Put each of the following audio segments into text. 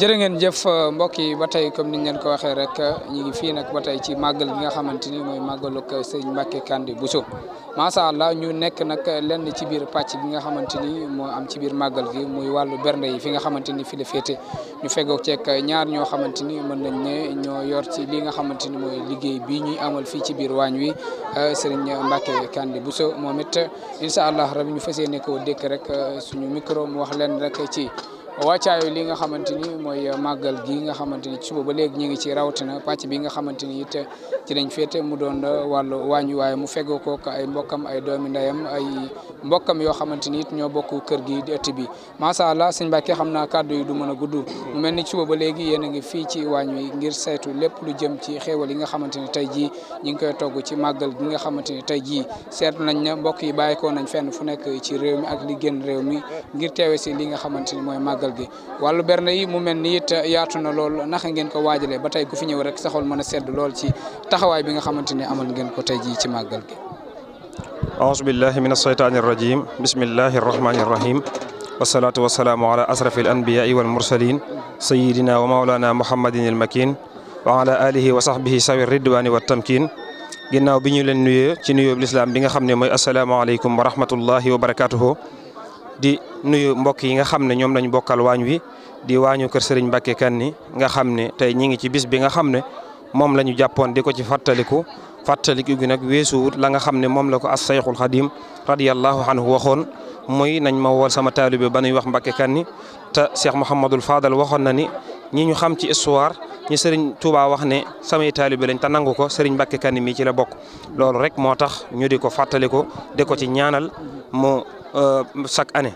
jërë ngeen jëf euh, mbokk yi ba tey comme niñ leen ko waxee rek euh, ñu fii nag ba tey ci màggal gi nga xamante ni mooy màggalug sëñ Mbacke Kande Bousso macha allah ñu nekk nag lenn ci biir pàcc bi nga xamante ni moo am ci biir màggal gi mooy wàllu bernde yi fi nga xamante ni fi la féete ñu fego ceeg ñaar ñoo xamante ni mën nañ ne ñoo yor ci li nga xamante ni mooy liggéey bii ñuy amal fii ci biir waañ wi euh, sëriñ Mbacke Kande Bousso moom it incha allah rabi ñu fas yéene koo dékk rek suñu micro mu wax leen rek ci. wàccaayu li nga xamante ni mooy euh, màggal gi nga xamante ni suba ba léegi ñu ngi ci rawatina pàcc bi nga xamante ni it euh, ci lañ féete mu doon euh, wàllu waañ waaye mu feggoo ko ay mbokkam ay doomi ndeyam ay mbokkam yoo xamante ni it ñoo bokk kër gi di bi macha allah sëñ Mbàkke xam naa kàddu yi du mën a gudd mel ni suba ba léegi yéen a ngi fii ci waañ wi ngir saytu lépp lu jëm ci xéewal yi nga xamante ni tey jii ñu ngi koy togg ci màggal gi nga xamante ni tey jii seetlu nañ ne mbokk yi bàyyi ko nañ fenn fu nekk ci réew mi ak li réew mi ngir teewe si li nga xamante ni mooy màggal màggal gi wàllu berne yi mu mel ni it yaatu na lool naka ngeen ko waajalee ba tey ku fi ñëw rek saxol mën a sedd lool ci taxawaay bi nga xamante ne amal ngeen ko tey jii ci màggal gi aousu billahi min asheytaani irrajim bismillahi arrahmani irrahim wasalaatu wasalaamu ala asrafi alanbiyaai walmursalin sayidina wa maolana muhammadin almakin wa ala alihi wa sahbihi sawi ridwani wa tamkin ginnaaw bi ñu leen nuyee ci nuyoo bi lislaam bi nga xam ne mooy asalaamaaleykum wa rahmatullahi wa barakatuhu di nuyu mbokk yi nga xam ne ñoom lañ bokkal waañ wi di waañu kër Serigne Mbacké Kanni nga xam ne tey ñi ngi ci bis bi nga xam ne moom la ñu jàppoon di ko ci fàttaliku fàttaliku gi nag weesuwut la nga xam ne moom la ko as sayxul xadim radiyallahu anhu waxoon muy nañ ma wool sama taalibe ba nuy wax Mbacké Kanni te Cheikh Mouhamadul Fadal waxoon na ni ñi ñu xam ci histoire ñi Serigne Touba wax ne samay taalibe lañ ta nangu ko seriñ Mbacké Kanni mi ci la bokk loolu rek Euh, chaque année.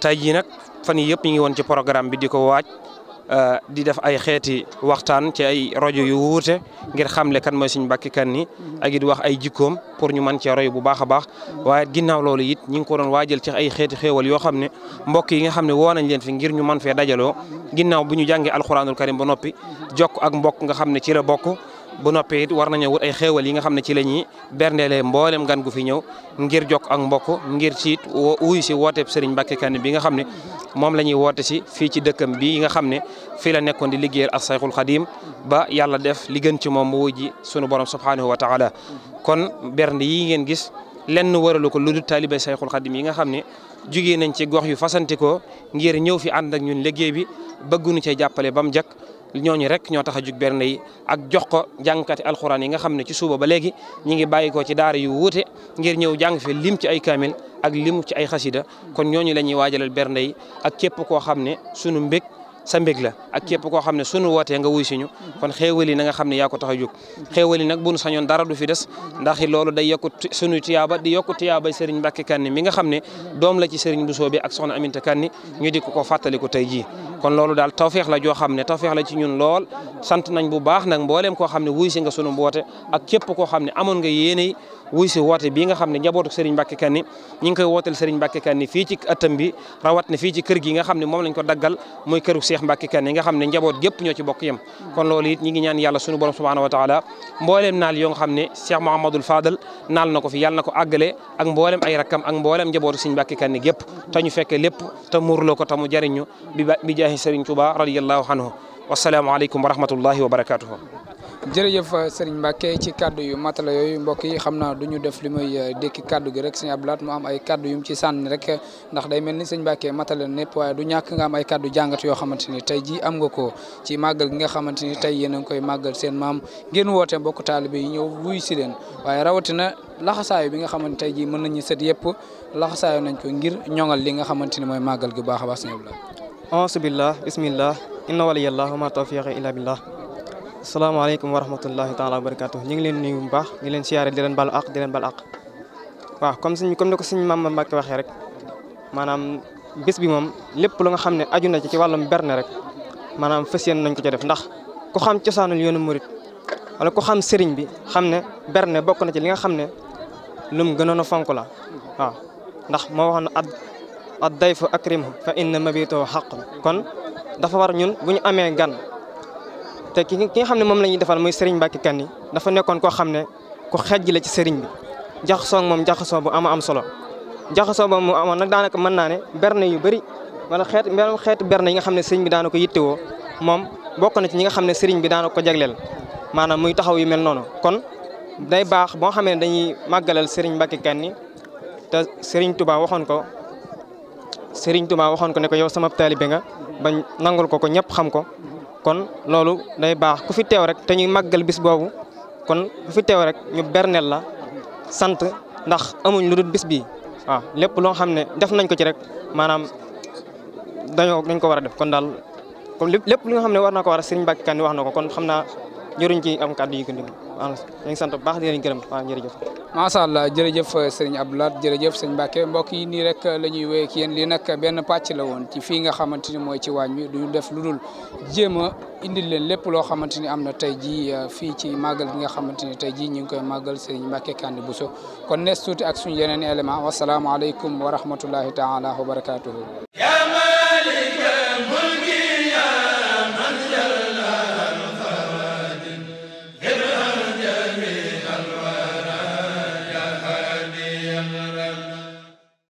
tey jii nag fan yii yëpp ñu ngi woon ci programme bi di ko waaj euh, di def ay xeeti waxtaan ci ay rajo yu wuute ngir xamle kan mooy Serigne kan ni ak it wax ay jikkoom pour ñu mën cee roy bu baax a baax waaye ginnaaw loolu it ñu ngi ko doon waajal ci ay xeeti xéewal yoo xam ne mbokk yi nga xam ne woo nañ leen fi ngir ñu mën fee dajaloo ginnaaw bu ñu jàngee alxuraanul karim ba noppi jokk ak mbokk nga xam ne ci la bokk. bu noppee it war nañoo wut ay xéewal yi nga xam ne ci la ñuy berndelee mboolem gan gu fi ñëw ngir jokk ak mbokk ngir ci wuyu si wooteeb Serigne Mbacké Kane bi nga xam ne moom lañuy woote si fii ci dëkkam bi nga xam ne fii la nekkoon di liggéeyal ak Sayxul Xadim ba yàlla def li gën ci moom mu wujji sunu borom subhanahu wa taala kon bernde yi ngeen gis lenn waralu ko lu dul taalibe Sayxul Xadim yi nga xam ne jugee nañ ci gox yu fasantikoo ngir ñëw fi ànd ak ñun liggéey bi bëgguñu cee jàppale ba mu jëkk ñooñu rek ñoo tax a jug bernde yi ak jox ko jàngkati alxuraan yi nga xam ne ci suba ba léegi ñi ngi bàyyi ci daara yu wuute ngir ñëw jàng lim ci ay kaamil ak lim ci ay xasida kon ñooñu la ñuy waajalal bernde yi ak képp koo xam ne sunu mbég sa mbég la ak képp koo xam ne sunu wootee nga wuy siñu kon xéewal yi na nga xam ne yaa ko tax a jóg xéewal yi nag bu nu sañoon dara du fi des ndax loolu day yokku sunu tiyaaba di yokku tiyaaba Serigne Mbacke Kanni mi nga xam ne doom la ci Serigne Bousso bi ak soxna Aminta Kanni ñu di ko ko fàttaliku tey jii kon loolu daal tawféex la joo xam ne tawféex la ci ñun lool sant nañ bu baax nag mbooleem koo xam ne wuy si nga sunu mboote ak képp koo xam ne amoon nga yéene wuy si woote bii nga xam ne njabootu Serigne Mbacké Kani ñi ngi koy wooteel Serigne Mbacké Kani fii bi rawat ne fii ci kër gi nga xam ne moom lañ ko daggal muy këru Cheikh Mbacké Kani nga xam ne njaboot gépp ñoo ci bokk yem kon loolu it ñi ngi ñaan yàlla sunu borom subhanahu wa taala mbooleem naal yoo nga xam ne Cheikh Mouhamadoul Fadal naal na ko fi yàlla na ko àggale ak mboolem ay rakkam ak mbooleem njabootu Serigne Mbacké Kani gépp te ñu fekke lépp te muurloo ko te mu jariñu bi jaahi Serigne Touba radiyallahu anhu wasalaamaaleykum wa rahmatullahi wa barakaatuhu. jërëjëf Serigne Mbacke ci kaddu yu matala yooyu mbokk yi xam naa du ñu def li muy eh, dékki kaddu gi rek sëñ ab laat mu am ay kaddu yu mu ci sànni rek ndax day mel ni sëñ Mbacke matala népp waaye du ñàkk nga am ay kaddu jàngat yoo xamante ni tey jii am nga ko ci màggal gi nga xamante ni tey yéen a ngi koy màggal seen maam ngeen woote mbokk taalibe yi ñëw wuy si leen waaye rawatina laxasaayu bi nga xamante tey jii mën ñu sët yëpp laxasaayu nañ ko ngir ñoŋal li nga xamante ni mooy màggal gi baax a baax sëñ auzu billah bismillah inna waliyallah wa ma tawfiqi illa billah asalaamaaleykum wa rahmatullahi taala wa barakatuh ñu ngi leen nuyu bu baax ñu leen siyaare di leen balu ak di leen balu ak waaw comme suñ comme ni ko suñ Maam Mbàkke waxee rek maanaam bis bi moom lépp lu nga xam ne aju na ci ci wàllum berne rek maanaam fas yéene nañ ko ca def ndax ku xam cosaanul yoonu murit wala ku xam sëriñ bi xam ne berne bokk na ci li nga xam ne lum gënoon a fonk la waaw ad dayfu akrimhu fa inna mabitahu xaqun kon dafa war ñun bu ñu amee gan te ki nga xam ne moom la ñuy defal muy Serigne Mbacke Kani dafa nekkoon koo xam ne ku xejj la ci Serigne bi jaxasoo moom jaxasoo bu am am solo jaxasoo boobu mu amoon na daanaka mën naa ne berne yu bari wala xeet mbirum xeetu berne yi nga xam ne Serigne bi daana ko yittewoo moom bokk na ci ñi nga xam ne Serigne bi daana ko jagleel maanaam muy taxaw yu mel noonu kon day baax boo xamee ne dañuy màggalal Serigne Mbacke Kani te Serigne Touba waxoon ko. Serigne Touba waxoon ko ne ko yow sama taalibe nga ba nangul ko ko ñëpp xam ko kon loolu day baax ku fi teew rek te ñuy màggal bis boobu kon ku fi teew rek ñu berneel la sant ndax amuñ lu dul bis bii waaw lépp loo xam ne def nañ ko ci rek maanaam dañoo dañ ko war def kon daal comme lépp li nga xam ne war na ko war a Serigne Mbacké Kane wax na ko kon xam naa jëruñ ci am kàddu yu gën ñu sant bu baax di leen gërëm waaw jërëjëf macha allah jërëjëf euh, sëriñ Abdoulaat jërëjëf sëñ Mbacke mbokk yi nii rek euh, la ñuy wéy ak yéen lii nag benn pàcc la woon ci fii nga xamante ni mooy ci waañ bi duñu def lu dul jéem indi leen lépp loo xamante ni am na tey jii euh, fii ci màggal gi nga xamante ni tey jii ñu ngi koy màggal sëriñ Mbacke Kandi Bousso kon ne tuuti ak suñu yeneen élément wasalaamaaleykum wa rahmatullahi taala wa barakatuhu